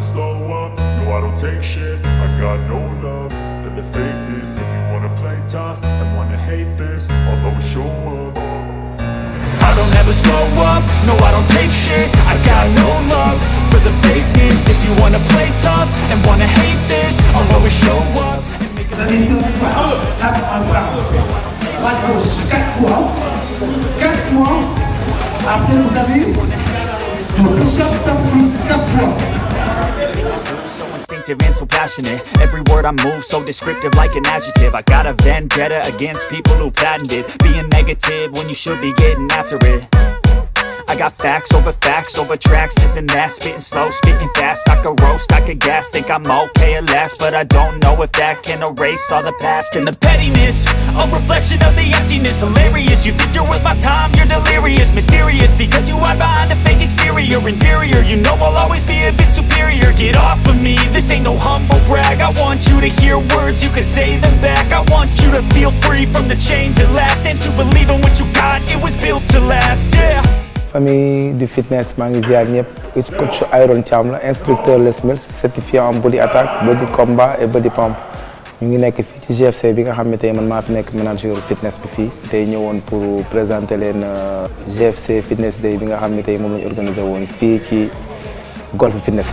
never slow up, no I don't take shit I got no love for the fakeness If you wanna play tough and wanna hate this I'll always show up I don't ever slow up, no I don't take shit I got no love for the fakeness If you wanna play tough and wanna hate this I'll always show up and make a Après, vous avez 4 fois so instinctive and so passionate Every word I move so descriptive like an adjective I got a vendetta against people who patented Being negative when you should be getting after it I got facts over facts over tracks, this and that Spitting slow, spitting fast, I could roast, I could gas Think I'm okay at last, but I don't know if that can erase all the past And the pettiness, a reflection of the emptiness Hilarious, you think you're worth my time, you're delirious Mysterious, because you hide behind a fake exterior Inferior, you know I'll always be a bit superior Get off of me, this ain't no humble brag I want you to hear words, you can say them back I want you to feel free from the chains at last And to believe in what you got, it was built to last, yeah famille du fitness maa ngi coach Iron Thiam instructeur Les Mills certifié en body attack body combat et body pump ñu ngi nekk fii ci GFC bi nga xam ne tey man maa fi nekk manager fitness bi fii tey ñëwoon pour présenter leen euh, GFC fitness day bi nga xam ne tey moom lañu organisé woon fii ci golf fitness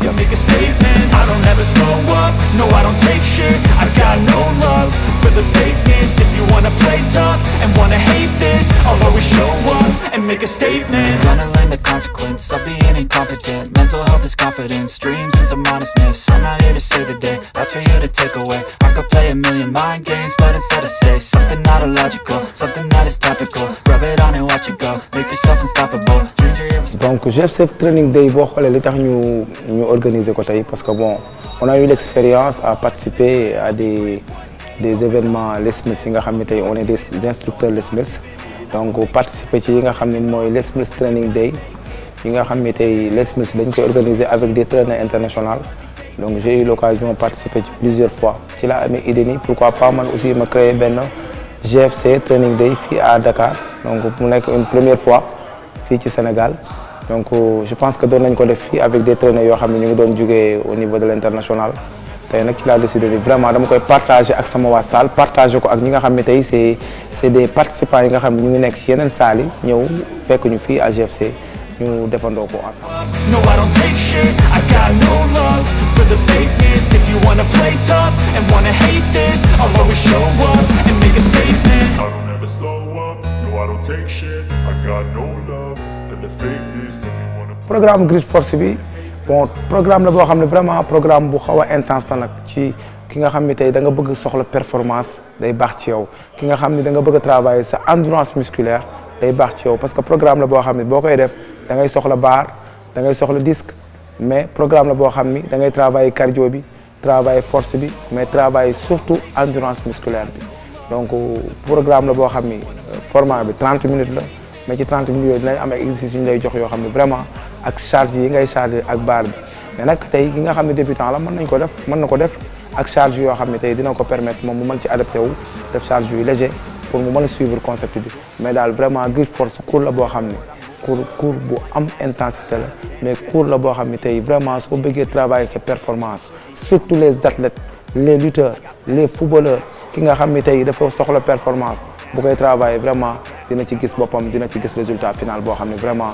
the fakeness If you wanna play tough and wanna hate this I'll always show up and make a statement I'm gonna learn the consequence of being incompetent Mental health is confidence, dreams into modestness I'm not here to save the day, that's for you to take away I could play a million mind games, but instead I say Something not illogical, something that is topical Rub it on and watch it go, make yourself unstoppable Donc Training Day, boo xoolee li tax ñu ñu parce que bon, on a eu l'expérience à participer à des des événements Les on est des instructeurs Les donc participer ci yi nga Training Day yi nga avec des traîneurs internationaux donc j'ai eu l'occasion de participer plusieurs fois C'est là amee idée pourquoi pas Moi aussi me créé benn GFC Training Day à Dakar donc pour une première fois ici au Sénégal donc je pense que je nañ ko def avec des traîneurs qui ont ne au niveau de l'international tey nag ci laa décidé ni vraiment dama koy partagé ak sama waa salle partagé ko ak ñi nga xam ne tey c'est c'est des participants yi nga xam ne ñu ngi nekk ci yeneen salle yi ñëw fekk ñu fii à GFC ñu defandoo ko ensemble. a statement. I don't ever slow up. No, I don't take shit. I programme Grid Force bi. bon programme la boo xam vraiment programme bu xaw intense la qui, ci ki nga xamni tay da nga bëgg soxla performance day bax ci yow ki nga xamni da nga bëgg travailler sa endurance musculaire day bax ci yow parce que programme la bo xamni ne def da ngay soxla bar da ngay soxla disque mais programme la bo xamni da ngay travailler cardio bi travailler force bi mais travailler surtout endurance musculaire bi donc programme la bo xamni euh, format bi 30 minutes la mais ci 30 minutes yooyu dinañ am exercice exercices yu ñu lay jox yo xamni vraiment ak charge yi ngay charge ak barre mais nak tay ki nga xam ne débutant la mën nañ ko def mën na ko def ak charge yo xam tay dina ko permettre mom mu mën ci adapté wu def charge yu léger pour mu mën de suivre concept bi mais dal vraiment Guild Force cours la bo xam Cour, cour, bu am intensité la mais cour la bo xam tay vraiment so bëggee travailler sa performance surtout les athlètes les lutteurs les footballeurs ki nga xam tay dafa soxla performance bu koy travailler vraiment dina ci gis bopam dina ci gis résultat final bo xam vraiment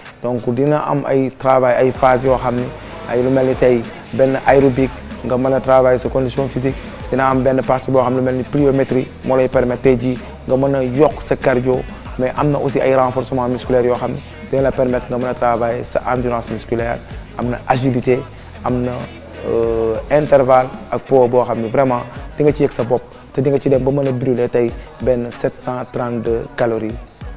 donc dina am ay travail ay phase yo xam ay lu melni tay ben benn nga mën travailler sa condition physique dina am ben partie bo xam lu mel pliométrie mo lay permettre tey nga mën a yokk sa cardio mais am aussi ay renforcement musculaire yo xam ne dina la permettre nga mën travailler sa endurance musculaire am agilité am euh, intervalle ak poids bo xam vraiment di nga ci yek sa bop te di nga ci dem ba mën brûler tay ben 732 calories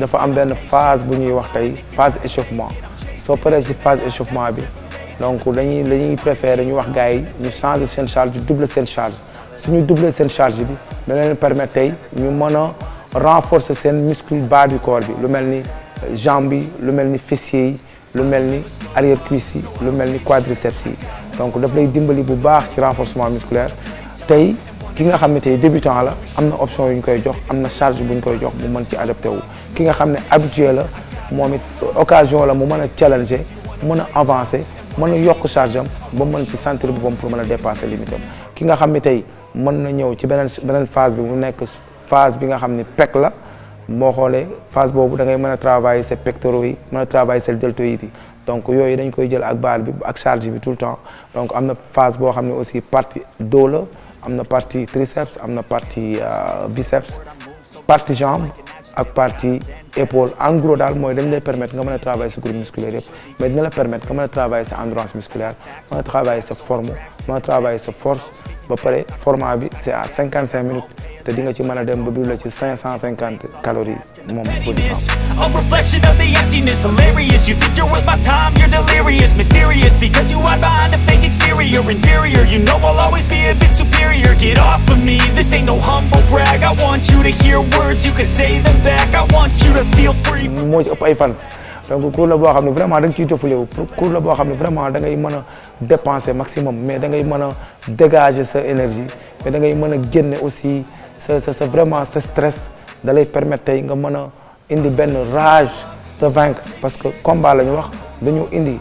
dafa am benn phase bu wax phase échauffement So, paree ci phase échauffement bi donc dañuy dañuy préférer ñu wax gars ñu changer de charge doubler cette charge suñu doubler cette charge bi dana leen permettre tey ñu renforcer les muscles bas du corps bi lu jambes, le jambe fessiers, lu melni fessier lu arrière cuisse le lu quadriceps donc daf lay dimbali bu baax renforcement musculaire tey ki nga xamné tay débutant la amna option yuñ koy jox amna charge buñ koy jox mu mën ci adapté wu ki nga xamné ne habitué la momit occasion la mu mëna challenger mëna avancer mëna yok charge am ba mën ci sentir bon pour mëna dépasser limite am ki nga xamné tay tey mën na ñëw ci benen benen phase bi mu nekk phase bi nga xamné pec la boo xolé phase bobu da ngay mëna travailler ses pectoraux yi mëna travailler ses deltoïdes yi donc yooyu dañ koy jël ak baal bi ak charge bi tout le temps donc am na phase boo xam ne aussi partie dos la amna partie triceps amna partie euh, biceps partie jambe ak partie épaule en gros je vais dañ lay permettre nga travailler sur groupe musculaire mais dina la permettre nga travailler sa endurance musculaire je travailler sa forme mën travailler sa force ba paré format bi c'est à 55 minutes te di nga ci mën dem ba la ci 550 calories A reflection of the emptiness Hilarious, you think you're worth my time You're delirious, mysterious Because you hide behind a fake exterior Inferior, you know I'll always be a bit superior Get off of me, this ain't no humble brag I want you to hear words, you can say them back I want you to feel free fans donc la vraiment la vraiment dépenser maximum mais dégager sa énergie mais aussi vraiment stress permettre indi une rage de vaincre parce que combat le wax dañu indi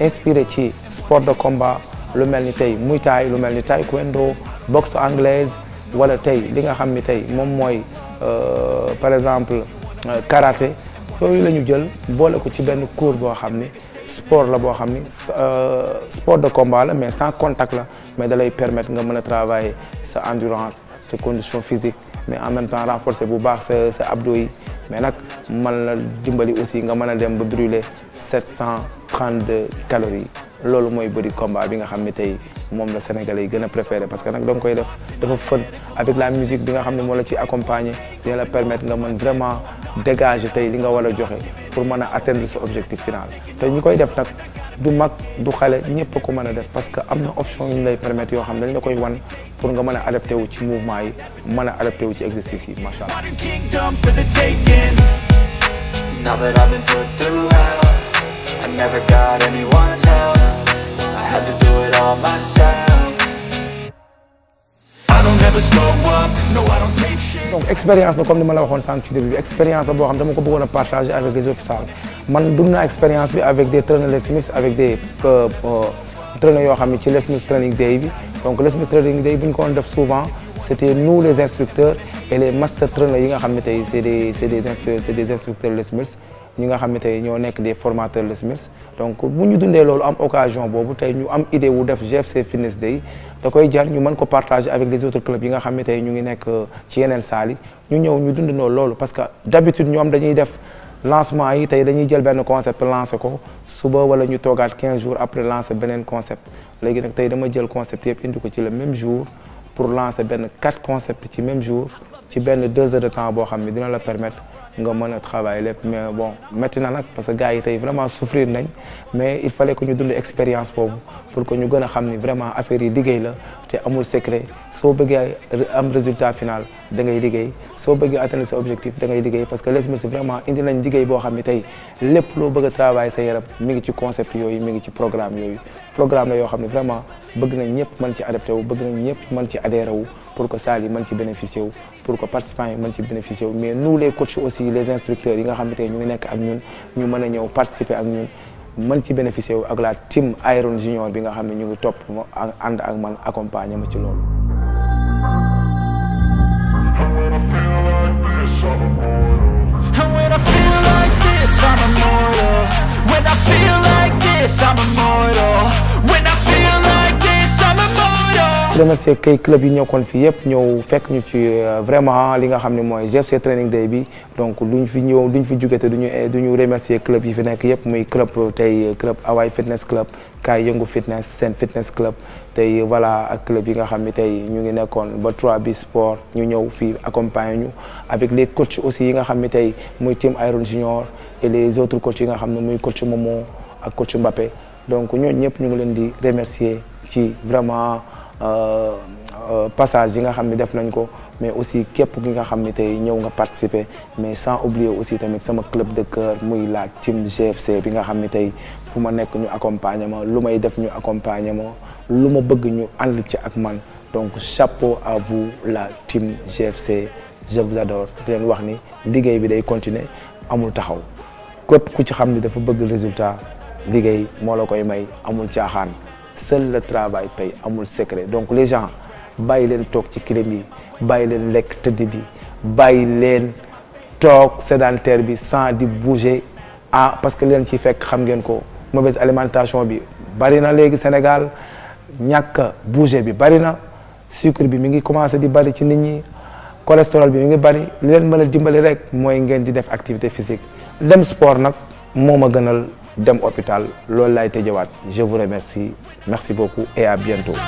inspiré sport de combat lu melni muay thai lu melni boxe anglaise wala li euh, par exemple euh, karaté jël ko cours sport la euh, sport de combat mais sans contact mais da lay permettre nga travailler sa endurance sa condition physique mais en même temps renforcer bu baax c'est Abdouy abdos mais nag mën la dimbali aussi nga mën a dem ba brûler 732 calories loolu mooy bëri combat bi nga xam ne tey moom la Sénégalais yi gën préféré parce que nag da nga koy def dafa avec la musique bi nga xam ne moo la ci accompagner dina la permettre nga vraiment dégager tey li nga war a pour mën atteindre ce objectif final donc ñi def du mag du xale ñëpp ko mëna def parce que amna option yu lay permettre yo xam dañ la koy wan pour nga mëna a adapté wu ci mouvement yi mëna a adapté wu ci exercice yi macha allah. donc expérience comme ni ma la waxoon sànq expérience la boo dama ko partager avec les autres salles man dund expérience avec des trainers Les Smith avec des trainers qui ont ne ci Les Smith Training Day donc Les Smith Training Day ce ñu ko def souvent C'était nous les instructeurs et les master trainers yi nga des des des instructeurs Les Smith nous nga des formateurs de Smith, donc si nous avons loolu am occasion boobu ñu idée wu GFC Fitness Day Nous koy partager avec les autres clubs qui nga xam ne tey ñu ngi nekk euh, ci parce que d'habitude nous avons def lancement yi tey dañuy jël concept lancé ko suba wala 15 jours après lancer beneen concept Nous avons tey dama jël concept le même jour pour lancer 4 concepts ci même jour ci deux heures de temps boire permettre de travailler mais bon maintenant, parce que gars vraiment souffrir mais il fallait que nous ayons l'expérience pour que nous sachions vraiment vraiment affaire yi secret résultat final da ngay Si vous atteindre objectif parce que les vraiment indi de travailler concept programme programme vraiment pour que ça ait pour que participants yi mën ci bénéficier mais nous les coachs aussi les instructeurs yi nga xamante ne ñu ngi nekk ak ñun ñu mën a ñëw participer ak ñun mën ci bénéficier ak la team Iron Junior bi nga xam ne ñu ngi topp ma ànd ak man accompagner ma ci loolu. I'm immortal. When I feel like this, remercier kay club yi ñëw kon fii yëpp ñëw fekk ñu ci euh, vraiment li nga xam ne mooy training day bi donc luñ fi ñëw luñ fi jugee te duñu euh, duñu remercier club yi fi nekk yëpp muy club euh, tey club Hawaii fitness club kaay yëngu fitness seen fitness club tey voilà ak club yi nga xam ne tey ñu ngi nekkoon ba 3B sport ñu ñëw fii accompagner ñu avec les coachs aussi yi nga xam ne tey muy team Iron Junior et les autres coachs yi nga xam ne muy coach Momo ak coach Mbappé donc ñooñu ñëpp ñu ngi di remercier ci vraiment. Euh, euh, passage mais aussi participer mais sans oublier aussi club de cœur muy la team GFC bi nga xam ne tey nekk ñu accompagner def donc chapeau à vous la team GFC je vous adore di leen ni continuer amul taxaw képp ku ci xamni dafa bëgg résultat liguey mo la koy may amul seul le travail paye amul secret donc les gens bàyyi leen toog ci crème yi bàyyi lek lekk tëdd bi bàyyi leen sédentaire bi sans di bouger ah parce que len ci fek xam ngeen ko mauvaise alimentation bi bari na léegi Sénégal ñàkk bouger bi bari na sucre bi mi ngi commencé di bari ci nit ñi cholestérol bi mi ngi bari li len mën a dimbali rek moy ngeen di def activité physique dem sport nak moma ma gënal dem hôpital Lola laay je vous remercie merci beaucoup et à bientôt